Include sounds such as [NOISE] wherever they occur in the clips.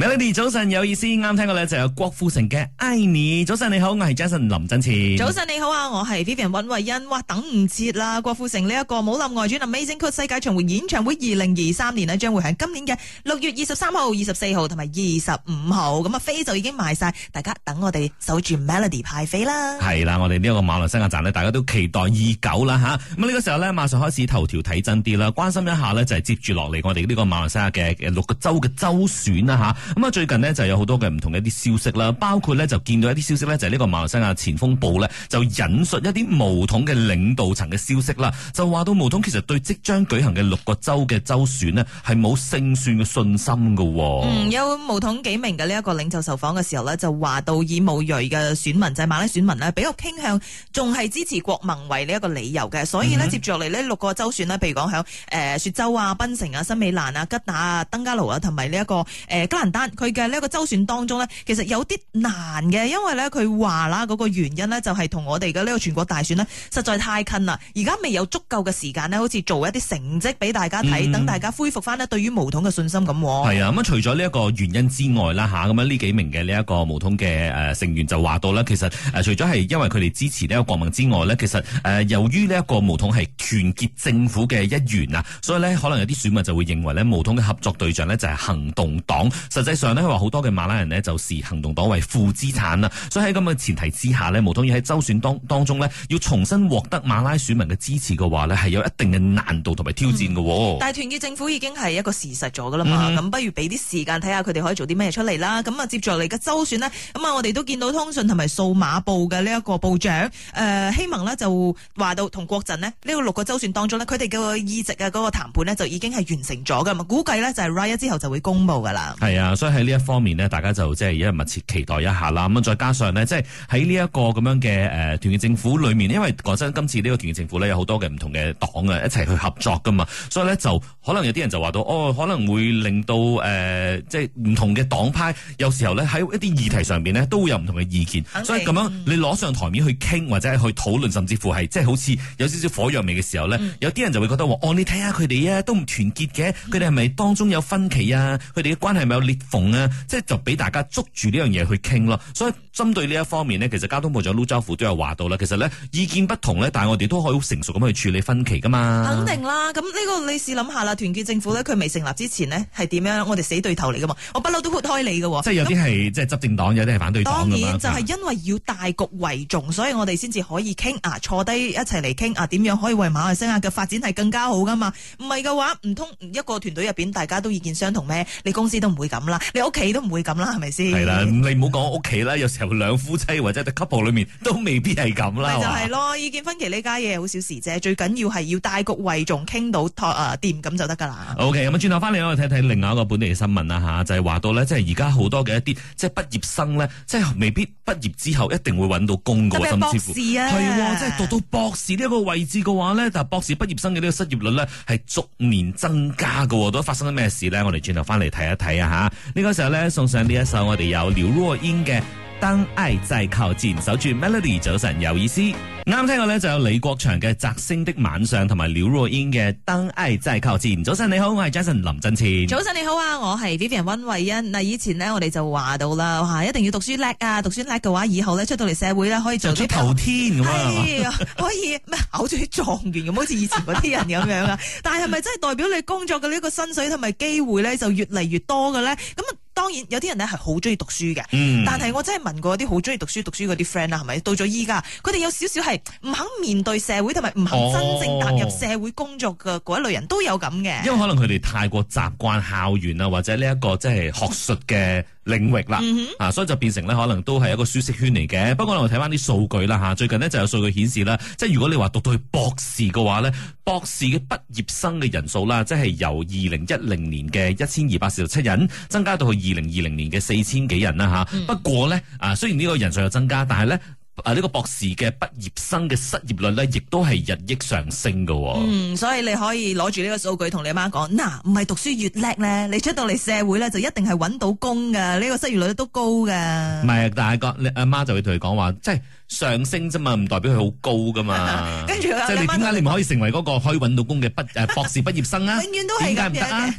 Melody 早晨有意思，啱聽過咧就有郭富城嘅愛你。早晨你好，我係 Jason 林振前。早晨你好啊，我係 Vivian 尹慧欣。哇，等唔切啦，郭富城呢一個武林外傳 Amazing 曲世界巡回演唱會二零二三年呢，將會喺今年嘅六月二十三號、二十四號同埋二十五號，咁啊飛就已經賣晒，大家等我哋守住 Melody 派飛啦。係啦，我哋呢個馬來西亞站呢，大家都期待已久啦吓。咁、啊、呢個時候呢，馬上開始頭條睇真啲啦，關心一下呢，就係接住落嚟我哋呢個馬來西亞嘅六個州嘅州選啦吓。咁啊，最近呢就有好多嘅唔同嘅一啲消息啦，包括呢就見到一啲消息呢就係、是、呢個馬來西亞前鋒報呢就引述一啲巫統嘅領導層嘅消息啦，就話到巫統其實對即將舉行嘅六個州嘅州選呢，係冇勝算嘅信心嘅、哦嗯。有巫統幾名嘅呢一個領袖受訪嘅時候呢，就話到以巫裔嘅選民制、就是、馬來選民呢比較傾向，仲係支持國民為呢一個理由嘅，所以呢，嗯、哼接住落嚟呢六個州選呢，譬如講喺、呃、雪州啊、檳城啊、森美蘭啊、吉打啊、登嘉樓啊同埋呢一個誒、呃、吉蘭佢嘅呢一個州選當中呢，其實有啲難嘅，因為呢，佢話啦，嗰個原因呢，就係同我哋嘅呢個全國大選呢，實在太近啦，而家未有足夠嘅時間呢，好似做一啲成績俾大家睇，等、嗯、大家恢復翻呢對於巫統嘅信心咁。係啊，咁除咗呢一個原因之外啦，吓咁啊呢幾名嘅呢一個巫統嘅誒成員就話到呢，其實誒除咗係因為佢哋支持呢個國民之外呢，其實誒由於呢一個巫統係團結政府嘅一員啊，所以呢，可能有啲選民就會認為呢，巫統嘅合作對象呢，就係行動黨。實際上咧，佢話好多嘅馬拉人呢，就視行動黨為負資產啦。所以喺咁嘅前提之下咧，無端要喺周選當當中呢，要重新獲得馬拉選民嘅支持嘅話呢，係有一定嘅難度同埋挑戰嘅、嗯。但係團結政府已經係一個事實咗噶啦嘛。咁、嗯、不如俾啲時間睇下佢哋可以做啲咩出嚟啦。咁啊，接住嚟嘅周選呢，咁啊，我哋都見到通訊同埋數碼部嘅呢一個部長，誒、呃，希望呢就話到同國陣呢，呢、這個六個周選當中呢，佢哋嘅議席啊，嗰、那個談判呢，就已經係完成咗嘅。咁啊，估計呢，就係 Raya 之後就會公佈噶啦。係啊。啊、所以喺呢一方面呢，大家就即係而家密切期待一下啦。咁啊，再加上呢，即係喺呢一個咁樣嘅誒團結政府裏面，因為講真，今次呢個團結政府咧有好多嘅唔同嘅黨啊一齊去合作噶嘛，所以咧就可能有啲人就話到哦，可能會令到誒即係唔同嘅黨派有時候咧喺一啲議題上邊咧、嗯、都會有唔同嘅意見，okay, 所以咁樣你攞上台面去傾或者去討論甚至乎係即係好似有少少火藥味嘅時候咧，嗯、有啲人就會覺得話哦，你睇下佢哋啊，都唔團結嘅，佢哋係咪當中有分歧啊？佢哋嘅關係咪有裂？逢即係就俾大家捉住呢樣嘢去傾咯。所以針對呢一方面呢，其實交通部長陸兆福都有話到啦。其實呢，意見不同呢，但係我哋都可以好成熟咁去處理分歧噶嘛。肯定啦，咁呢個你試諗下啦，團結政府呢，佢未成立之前呢，係點樣？我哋死對頭嚟噶嘛，我不嬲都豁開你噶。即係有啲係即係執政黨，那有啲係反對黨噶嘛。當然就係因為要大局為重，所以我哋先至可以傾啊，坐低一齊嚟傾啊，點樣可以為馬來西亞嘅發展係更加好噶嘛？唔係嘅話，唔通一個團隊入邊大家都意見相同咩？你公司都唔會咁。你屋企都唔會咁啦，係咪先？係啦，你唔好講屋企啦，有時候兩夫妻或者對 couple 裏面都未必係咁啦。 [LAUGHS] 就係咯， [LAUGHS] 意見分歧呢家嘢好小事啫，最緊要係要大局為重，傾到妥啊掂咁就得㗎啦。OK，咁轉頭翻嚟我哋睇睇另外一個本地嘅新聞啦吓、啊，就係、是、話到咧，即係而家好多嘅一啲即係畢業生咧，即係未必畢業之後一定會揾到工㗎，甚至乎係喎，即係、哦就是、讀到博士呢一個位置嘅話咧，但係博士畢業生嘅呢個失業率咧係逐年增加嘅喎，都發生咩事咧？我哋轉頭翻嚟睇一睇啊。呢個時候咧，送上呢一首我哋有劉若英嘅。燈愛在靠前，守住 Melody。早晨有意思，啱聽過咧就有李國祥嘅《摘星的晚上》同埋廖若英嘅《燈愛在靠前》。早晨你好，我係 Jason 林振前。早晨你好啊，我係 Vivian 温慧欣。嗱，以前呢，我哋就話到啦，哇，一定要讀書叻啊，讀書叻嘅話以後咧出到嚟社會咧可以做啲頭天，可以咩好似啲狀元咁，好似以前嗰啲人咁樣啊。 [LAUGHS] 但係係咪真係代表你工作嘅呢個薪水同埋機會咧就越嚟越多嘅咧？咁啊？當然有啲人咧係好中意讀書嘅，嗯、但係我真係問過啲好中意讀書讀書嗰啲 friend 啦，係咪到咗依家佢哋有少少係唔肯面對社會同埋唔肯真正踏入社會工作嘅嗰一類人都有咁嘅。因為可能佢哋太過習慣校園啊，或者呢一個即係學術嘅領域啦，嗯、哼所以就變成可能都係一個舒適圈嚟嘅。不過我睇翻啲數據啦吓，最近呢就有數據顯示啦，即係如果你話讀到去博士嘅話咧，博士嘅畢業生嘅人數啦，即係由二零一零年嘅一千二百四十七人增加到二零二零年嘅四千幾人啦吓，不過咧啊，雖然呢個人數有增加，但係咧啊呢個博士嘅畢業生嘅失業率咧，亦都係日益上升噶。嗯，所以你可以攞住呢個數據同你阿媽講，嗱，唔係讀書越叻咧，你出到嚟社會咧就一定係揾到工噶，呢個失業率都高噶。唔係啊，但係個阿媽就會同佢講話，即係。上升啫嘛，唔代表佢好高噶嘛。跟住，即係你點解你唔可以成為嗰個可以揾到工嘅，畢誒博士畢業生啊？永遠都係點解唔得啊？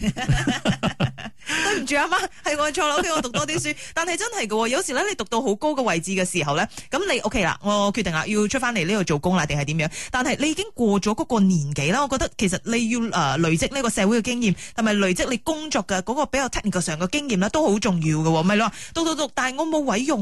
對唔住阿媽，係我錯啦，我讀多啲書。但係真係嘅，有時咧你讀到好高嘅位置嘅時候咧，咁你 OK 啦，我決定啦，要出翻嚟呢度做工啦，定係點樣？但係你已經過咗嗰個年紀啦，我覺得其實你要誒累積呢個社會嘅經驗，同埋累積你工作嘅嗰個比較 technical 上嘅經驗啦，都好重要嘅。唔係咯，讀讀讀，但係我冇位用。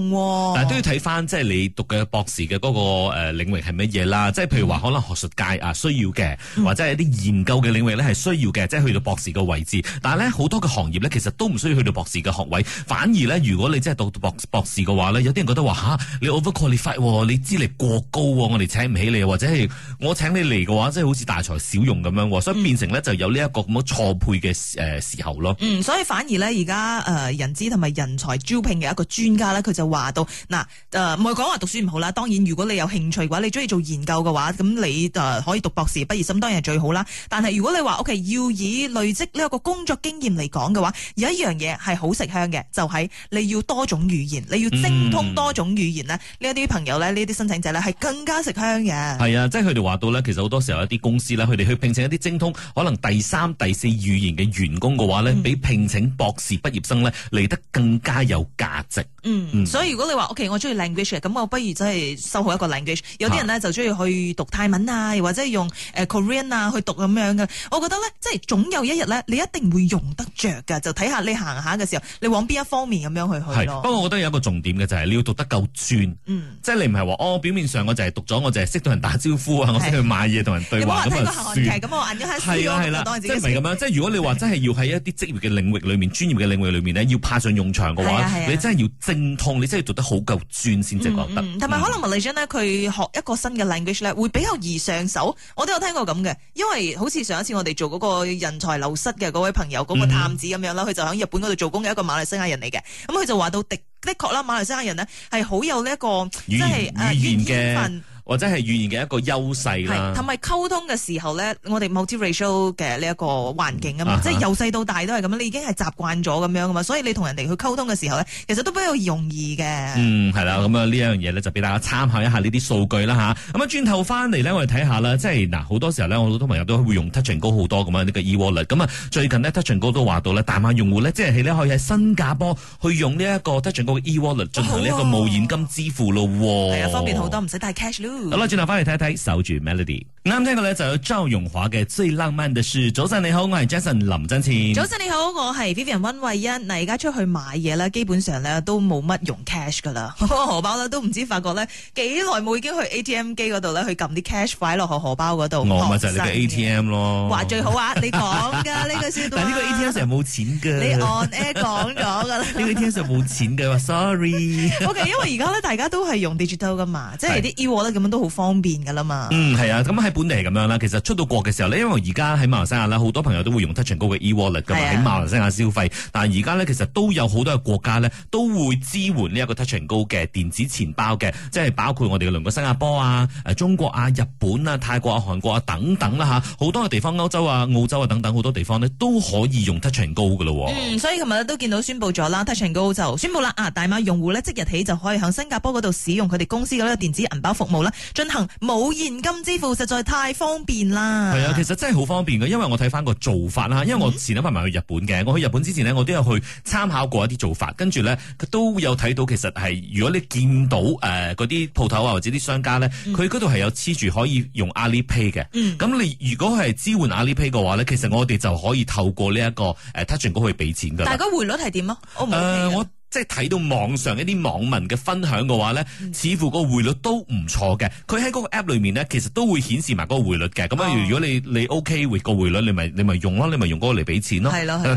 但係都要睇翻，即係你讀嘅博。博士嘅嗰個誒領域係乜嘢啦？即係譬如話可能學術界啊需要嘅，嗯、或者係一啲研究嘅領域咧係需要嘅，即係去到博士嘅位置。但係咧好多嘅行業咧，其實都唔需要去到博士嘅學位。反而咧，如果你真係讀博博士嘅話咧，有啲人覺得話吓，你 overqualify，你資歷過高，我哋請唔起你，或者係我請你嚟嘅話，即係好似大材小用咁樣。所以變成咧就有呢一個咁樣錯配嘅誒時候咯。嗯，所以反而咧而家誒人資同埋人才招聘嘅一個專家咧，佢就話到嗱誒，唔係講話讀書唔好啦。當然，如果你有興趣嘅話，你中意做研究嘅話，咁你誒可以讀博士畢業生，當然係最好啦。但係如果你話 O K 要以累積呢一個工作經驗嚟講嘅話，有一樣嘢係好食香嘅，就係、是、你要多種語言，你要精通多種語言。呢一啲朋友呢，呢啲申請者呢係更加食香嘅。係啊，即係佢哋話到呢，其實好多時候一啲公司呢，佢哋去聘請一啲精通可能第三、第四語言嘅員工嘅話呢，嗯、比聘請博士畢業生呢嚟得更加有價值。嗯，嗯所以如果你話 O K，我中意 language 嘅，咁我不如真係。收好一個 language，有啲人咧就中意去讀泰文啊，又或者用誒、呃、Korean 啊去讀咁樣嘅。我覺得咧，即係總有一日咧，你一定會用得着嘅。就睇下你行下嘅時候，你往邊一方面咁樣去去。不過我覺得有一個重點嘅就係、是、你要讀得夠專，嗯、即係你唔係話哦表面上我就係讀咗，我就係識到人打招呼啊，是我識去買嘢同人對話咁樣。係啊係啦，即係唔係咁樣？即係如果你話真係要喺一啲職業嘅領域裏面、專、啊、業嘅領域裏面咧，要派上用場嘅話、啊啊你，你真係要精通，你真係要讀得好夠專先至覺得。嗯嗯嗯。可能 Malaysian 呢，咧，佢學一個新嘅 language 咧，會比較易上手。我都有聽過咁嘅，因為好似上一次我哋做嗰個人才流失嘅嗰位朋友，嗰個探子咁樣啦，佢、嗯、就喺日本嗰度做工嘅一個馬來西亞人嚟嘅。咁佢就話到的的確啦，馬來西亞人咧係好有呢、這、一個，即係誒語言嘅。語言或者係語言嘅一個優勢同埋溝通嘅時候咧，我哋 multiracial 嘅呢一個環境啊嘛，uh huh. 即係由細到大都係咁樣，你已經係習慣咗咁樣啊嘛，所以你同人哋去溝通嘅時候咧，其實都比較容易嘅。嗯，係啦，咁啊呢一樣嘢咧就俾大家參考一下呢啲數據啦吓，咁啊轉頭翻嚟咧，我哋睇下啦，即係嗱好多時候咧，我好多朋友都會用 Touch‘n Go 好多噶嘛呢、呢個 eWallet。咁啊最近咧 Touch‘n Go 都話到咧，大馬用戶咧即係係可以喺新加坡去用呢一個 Touch‘n Go 嘅 eWallet 進行呢一個無現金支付咯。係啊、oh.，方便好多，唔使帶 cash。好啦，轉頭翻嚟睇睇，守住 melody。啱、嗯、聽過咧就有趙容華嘅最浪漫嘅事。早晨你好，我係 Jason 林振前。早晨你好，我係 Vivian 溫慧欣。嗱，而家出去買嘢咧，基本上咧都冇乜用 cash 噶啦，的荷包咧都唔知道發覺咧幾耐冇已經去 ATM 機嗰度咧去撳啲 cash 快落荷荷包嗰度。我咪就係你嘅 ATM 咯。話最好啊，你講噶呢個先。但呢個 ATM 成日冇錢噶。你按 A 講咗噶啦。呢 [LAUGHS] 個 ATM 成日冇錢噶，話 [LAUGHS] sorry。OK，因為而家咧大家都係用 digital 噶嘛，是即係啲 e 貨咧咁樣都好方便噶啦嘛嗯是、啊。嗯，係啊、嗯，咁本嚟係咁樣啦，其實出到國嘅時候呢，因為而家喺馬來西亞啦，好多朋友都會用 Touch‘n‘Go i 嘅 eWallet 嘅喺的馬來西亞消費。但係而家呢，其實都有好多嘅國家呢，都會支援呢一個 Touch‘n‘Go i 嘅電子錢包嘅，即係包括我哋嘅鄰國新加坡啊、中國啊、日本啊、泰國啊、韓國啊等等啦、啊、嚇，好多嘅地方，歐洲啊、澳洲啊等等好多地方呢，都可以用 Touch‘n‘Go i 嘅咯。嗯，所以琴日都見到宣布咗啦，Touch‘n‘Go i 就宣布啦啊，大馬用戶呢，即日起就可以喺新加坡嗰度使用佢哋公司嗰個電子銀包服務啦，進行冇現金支付實在。太方便啦！係啊，其實真係好方便㗎！因為我睇翻個做法啦。因為我前一排咪去日本嘅，我去日本之前呢，我都有去參考過一啲做法，跟住咧都有睇到，其實係如果你見到誒嗰啲鋪頭啊或者啲商家咧，佢嗰度係有黐住可以用 Alipay 嘅。咁、嗯、你如果係支援 Alipay 嘅話咧，其實我哋就可以透過呢一個誒 Touch n Go 去俾錢噶。但係個匯率係點咯？誒，我、OK。呃我即係睇到網上一啲網民嘅分享嘅話咧，嗯、似乎個匯率都唔錯嘅。佢喺嗰個 app 裏面咧，其實都會顯示埋嗰個匯率嘅。咁、啊、如果你你 OK 個匯率，你咪你咪用咯，你咪用嗰個嚟俾錢咯。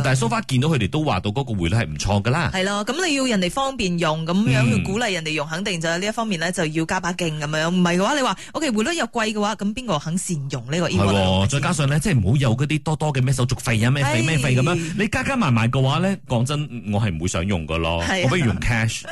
但係 so far 見到佢哋都話到嗰個匯率係唔錯㗎啦。係咯，咁你要人哋方便用，咁樣、嗯、去鼓勵人哋用，肯定就呢一方面咧，就要加把勁咁樣。唔係嘅話，你話 OK 匯率又貴嘅話，咁邊個肯善用呢個 eWallet？係喎，再加上咧，即係唔好有嗰啲多多嘅咩手續費啊，咩費咩唉費咁樣。你加加埋埋嘅話咧，講真，我係唔會想用㗎咯。我不如用 cash？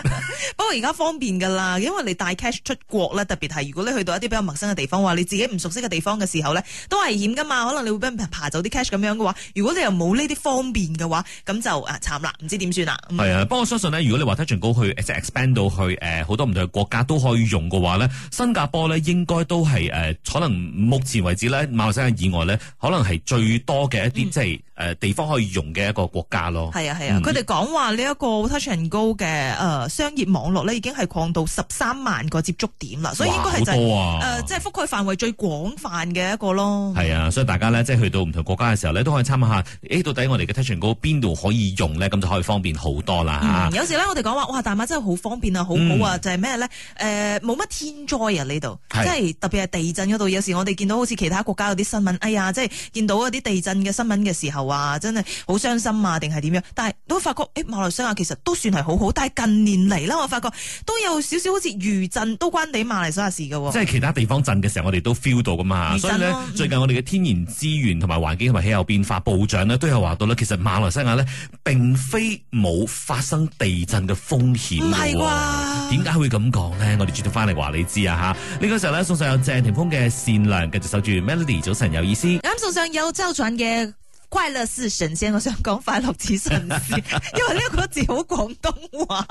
不過而家方便噶啦，因為你帶 cash 出國咧，特別係如果你去到一啲比較陌生嘅地方，話你自己唔熟悉嘅地方嘅時候咧，都危險噶嘛，可能你會俾人爬走啲 cash 咁樣嘅話，如果你又冇呢啲方便嘅話，咁就啊慘啦，唔知點算啦。係、嗯、啊，不過我相信咧，如果你話睇最高去即係、就是、expand 到去誒好多唔同嘅國家都可以用嘅話咧，新加坡咧應該都係誒可能目前為止咧，馬來西亞以外咧，可能係最多嘅一啲即係。嗯誒地方可以用嘅一個國家咯，係啊係啊，佢哋講話呢一個 Touch 'n Go 嘅誒、呃、商業網絡咧，已經係擴到十三萬個接觸點啦，哇所以應該係誒即係覆蓋範圍最廣泛嘅一個咯。係啊，所以大家咧即係去到唔同國家嘅時候呢，都可以參考下，誒到底我哋嘅 Touch 'n Go 邊度可以用咧，咁就可以方便好多啦、嗯、有時咧我哋講話哇，大馬真係好方便啊，好好、嗯、啊，就係咩咧？誒冇乜天災啊呢度，是即係特別係地震嗰度。有時我哋見到好似其他國家嗰啲新聞，哎呀，即係見到嗰啲地震嘅新聞嘅時候。哇！真係好傷心啊，定係點樣？但係都發覺，誒、欸，馬來西亞其實都算係好好。但係近年嚟啦，我發覺都有少少好似餘震，都關你馬來西亞事喎。即係其他地方震嘅時候，我哋都 feel 到噶嘛。啊、所以呢，最近我哋嘅天然資源同埋環境同埋氣候變化部長呢，都有話到啦。其實馬來西亞呢，並非冇發生地震嘅風險。唔係啩？點解會咁講呢？我哋轉到翻嚟話你知啊吓呢個時候呢，送上有鄭霆鋒嘅善良，繼續守住 Melody。早晨有意思，咁、嗯、送上有周俊嘅。快樂似神仙，我想講快樂似神仙，因為呢個字好廣東話。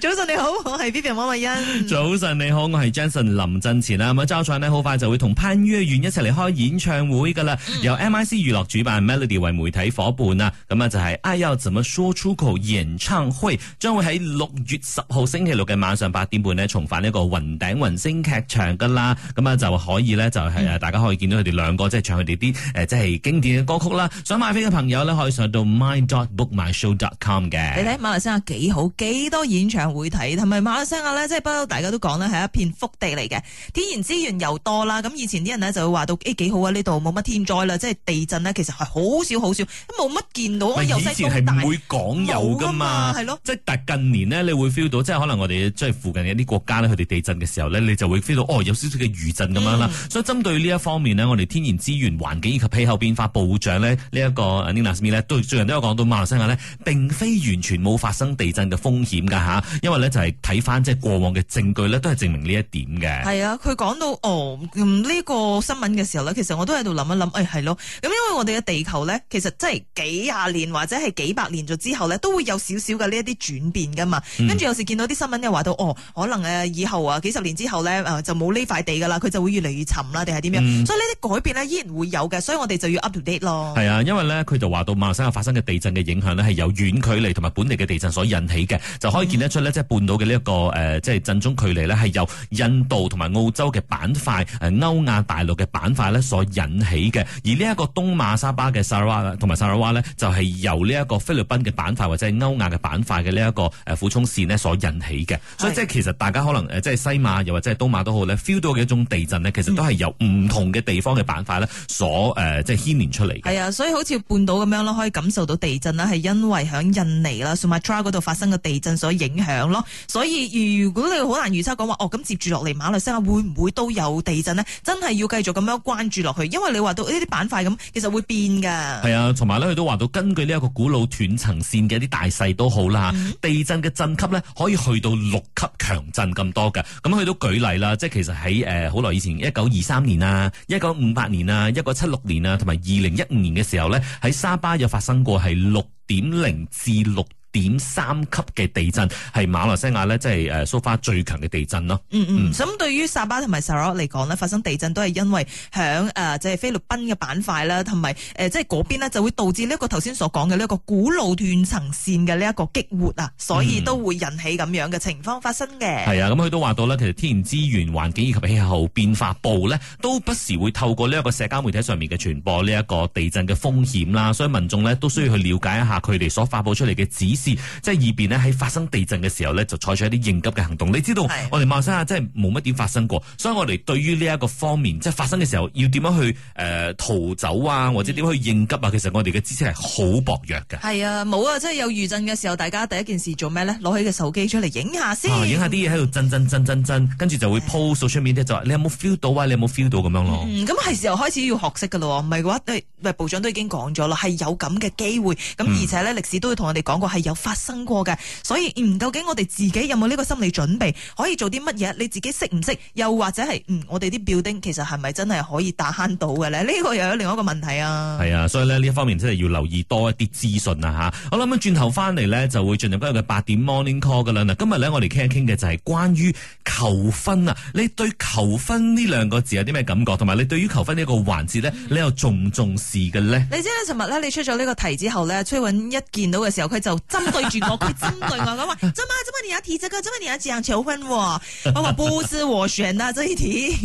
早晨你好，我係 Vivian 王慧欣。早晨你好，我係 Jason 林振前啦，咁、嗯、啊，周呢好快就會同潘越雲一齊嚟開演唱會噶啦。由 M I C 娛樂主辦，Melody 為媒體伙伴啊。咁啊、嗯、就係、是《愛、哎、要怎麼說出口》演唱會，將會喺六月十號星期六嘅晚上八點半呢，重返呢個雲頂雲星劇場噶啦。咁啊就可以咧、就是，就係誒，大家可以見到佢哋兩個即係、就是、唱佢哋啲誒，即、呃、係、就是、經典嘅歌曲啦。想買飛嘅朋友咧，可以上到 my dot bookmyshow dot com 嘅。你睇馬來西亞幾好，幾多演唱會睇，同埋馬來西亞咧，即係不嬲，大家都講啦係一片福地嚟嘅。天然資源又多啦，咁以前啲人呢就會話到咦，幾好啊，呢度冇乜天災啦，即係地震呢其實係好少好少，冇乜見到啊。以前係唔會講有噶嘛，係咯。即係但近年呢，你會 feel 到，即係可能我哋即係附近嘅一啲國家呢，佢哋地震嘅時候呢，你就會 feel 到哦，有少少嘅餘震咁樣啦。嗯、所以針對呢一方面我哋天然資源、環境以及氣候變化部長呢。呢一個 Nina Smith 都最近都有講到馬來西亞呢，並非完全冇發生地震嘅風險㗎嚇，因為呢，就係睇翻即係過往嘅證據呢，都係證明呢一點嘅。係啊，佢講到哦呢、嗯這個新聞嘅時候呢，其實我都喺度諗一諗，誒係咯，咁因為我哋嘅地球呢，其實真係幾廿年或者係幾百年咗之後呢，都會有少少嘅呢一啲轉變㗎嘛。跟住、嗯、有時見到啲新聞又話到，哦，可能誒以後啊幾十年之後呢，就冇呢塊地㗎啦，佢就會越嚟越沉啦，定係點樣？嗯、所以呢啲改變呢，依然會有嘅，所以我哋就要 update 咯。係因為呢，佢就話到馬來西亞發生嘅地震嘅影響呢，係由遠距離同埋本地嘅地震所引起嘅，就可以見得出呢即係半島嘅呢一個即係震中距離呢，係由印度同埋澳洲嘅板塊誒，歐亞大陸嘅板塊呢所引起嘅。而呢一個東馬沙巴嘅沙拉瓦同埋沙拉瓦呢就係由呢一個菲律賓嘅板塊或者係歐亞嘅板塊嘅呢一個誒俯衝線呢所引起嘅。所以即係其實大家可能即係西馬又或者係東馬都好呢 feel 到嘅一種地震呢，其實都係由唔同嘅地方嘅板塊呢所誒即係牽連出嚟嘅。係啊，所以好似半島咁樣咯，可以感受到地震啦，係因為響印尼啦，Sumatra 嗰度發生嘅地震所影響咯。所以如果你好難預測講話，哦咁接住落嚟馬來西亞會唔會都有地震呢？真係要繼續咁樣關注落去，因為你話到呢啲板塊咁，其實會變㗎。係啊，同埋呢，佢都話到根據呢一個古老斷層線嘅啲大細都好啦，嗯、地震嘅震級呢，可以去到六級強震咁多㗎。咁佢都舉例啦，即係其實喺好耐以前，一九二三年啊，一九五八年啊，一九七六年啊，同埋二零一五年嘅時候咧，喺沙巴有發生過，係六點零至六點三級嘅地震係馬來西亞呢即係誒蘇花最強嘅地震咯。嗯嗯，咁、嗯嗯、對於沙巴同埋沙羅嚟講呢，發生地震都係因為響誒即係菲律賓嘅板塊啦，同埋誒即係嗰邊呢，呃就是、邊就會導致呢一個頭先所講嘅呢一個古老斷層線嘅呢一個激活啊，所以都會引起咁樣嘅情況發生嘅。係、嗯、啊，咁佢都話到呢，其實天然資源、環境以及氣候變化部呢，都不時會透過呢一個社交媒體上面嘅傳播呢一個地震嘅風險啦，所以民眾呢，都需要去了解一下佢哋所發布出嚟嘅指示即係以便咧喺發生地震嘅時候呢，就採取一啲應急嘅行動。你知道我哋馬來西亞真係冇乜點發生過，的所以我哋對於呢一個方面，即係發生嘅時候要點樣去誒逃走啊，嗯、或者點樣去應急啊，其實我哋嘅知識係好薄弱嘅。係啊，冇啊，即係有餘震嘅時候，大家第一件事做咩呢？攞起個手機出嚟影下先，影、啊、下啲嘢喺度震震震震震，的跟住就會 post 出面咧，就話你有冇 feel 到啊？你有冇 feel 到咁樣咯？咁係、嗯嗯、時候開始要學識噶咯？唔係嘅話，誒，部長都已經講咗啦，係有咁嘅機會，咁而且呢，嗯、歷史都要同我哋講過係有發生過嘅，所以唔究竟我哋自己有冇呢個心理準備，可以做啲乜嘢？你自己識唔識？又或者係嗯，我哋啲標丁其實係咪真係可以打慳到嘅咧？呢個又有另外一個問題啊。係啊，所以呢，呢一方面真係要留意多一啲資訊啊吓。我諗咁轉頭翻嚟呢，就會進入今日嘅八點 Morning Call 噶啦。嗱，今日呢，我哋傾一傾嘅就係關於求婚啊。你對求婚呢兩個字有啲咩感覺？同埋你對於求婚呢一個環節咧，你又重唔重視嘅呢？你知啦，尋日呢，你出咗呢個題之後呢，崔允一見到嘅時候佢就。針對住我，佢針對我，咁話，怎麼怎麼你要提這個，怎麼你要講求婚？我話不是我選啊，這一題，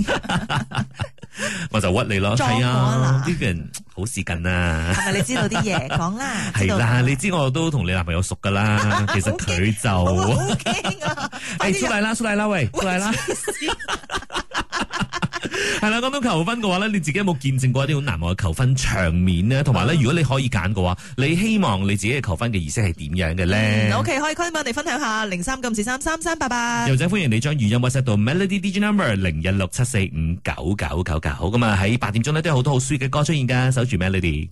[LAUGHS] 我就屈你咯，係、哎、呀啊，呢個人好事緊啊，係咪你知道啲嘢？講啦，係啦，你知我都同你男朋友熟噶啦，其實佢就，OK 啊，哎，出嚟啦，出嚟啦，喂，出嚟啦。 [LAUGHS] 係啦，講到求婚嘅話咧，你自己有冇見證過一啲好難忘嘅求婚場面呢？同埋咧，如果你可以揀嘅話，你希望你自己嘅求婚嘅儀式係點樣嘅咧？OK，可以 kindly 分享下零三九四三三三，八八。又再歡迎你將語音 WhatsApp 到 Melody DJ Number 零一六七四五九九九九，好，咁啊喺八點鐘呢，都有好多好 sweet 嘅歌出現噶，守住 Melody。